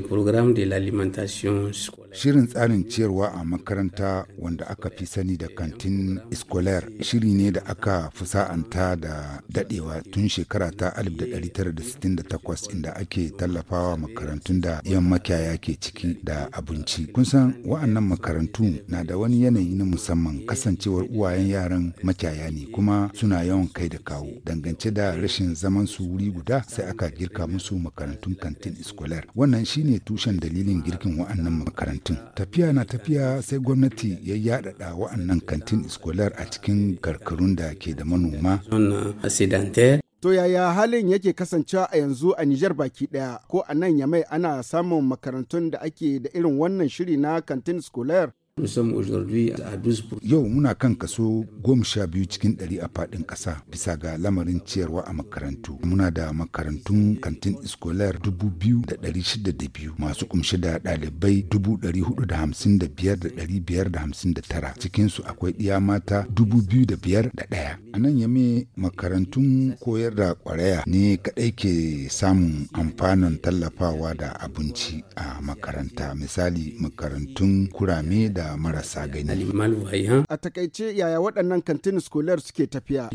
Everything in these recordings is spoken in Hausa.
programme de l'alimentation scolaire. Shirin tsarin ciyarwa a makaranta wanda aka fi sani da kantin Escolar shiri ne da aka fusa'anta da dadewa tun shekara ta 1968 inda ake tallafawa makarantun da yan makiyaya ke ciki da abinci. Kun san wa'annan makarantu na da wani yanayi na musamman kasancewar uwayen yaran makiyaya ne kuma suna yawan kai da kawo dangance da rashin zaman su wuri guda sai aka girka musu makarantun kantin Escolar. Wannan shine tushen dalilin girkin wa'annan makarantu. kantin tafiya na tafiya sai gwamnati ya yaɗaɗa wa'annan kantin iskolar a cikin karkarun da ke da manoma To yaya halin yake kasancewa a yanzu a Nijar baki daya ko a nan Yamai ana samun makarantun da ake da irin wannan shiri na kantin scolaire? Yau muna kan kaso goma sha biyu cikin ɗari a faɗin ƙasa bisa ga lamarin ciyarwa a makarantu. Muna da makarantun kantin iskolar dubu biyu da ɗari shida da biyu masu kumshi da ɗalibai dubu ɗari hudu da hamsin da biyar da ɗari biyar da hamsin da tara cikinsu akwai ɗiya mata dubu biyu da biyar da ɗaya. A nan yame makarantun koyar da ƙwaraya ne kaɗai ke samun amfanin tallafawa da abinci a makaranta misali makarantun kurame da marasa gani. A takaice yaya waɗannan kantin skolar suke tafiya?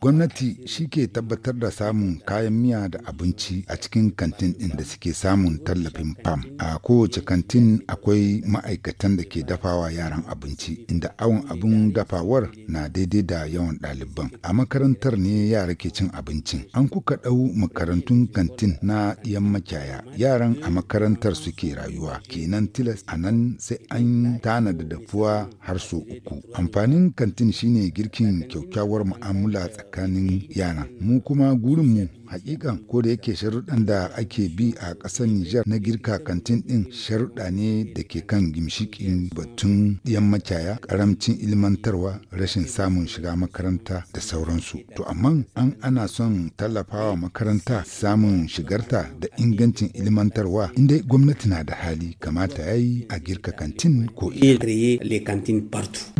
Gwamnati shi ke tabbatar da samun kayan miya da abinci a cikin kantin ɗin da suke samun tallafin fam. A kowace kantin akwai ma'aikatan da ke dafawa yaran abinci inda awon abin dafawar na daidai da yawan ɗaliban. A makarantar ne yara ke cin abincin. An kuka ɗau makarantun kantin na ɗiyan makyaya Yaran a makarantar suke rayuwa. Kenan tilas a nan sai an tana ana da dafuwa har so uku. Amfanin kantin shine girkin kyakkyawar mu'amala tsakanin yana. Mu kuma gurinmu hakikan ko da yake sharuɗan da ake bi a ƙasar Nijar na girka kantin ɗin sharuɗa ne da ke kan gimshikin batun ɗiyan makyaya, ƙaramcin ilmantarwa, rashin samun shiga makaranta da sauransu. To amma an ana son tallafawa makaranta samun shigarta da ingancin ilmantarwa inda gwamnati na da hali kamata ya yi a girka kantin ko créer les cantines partout.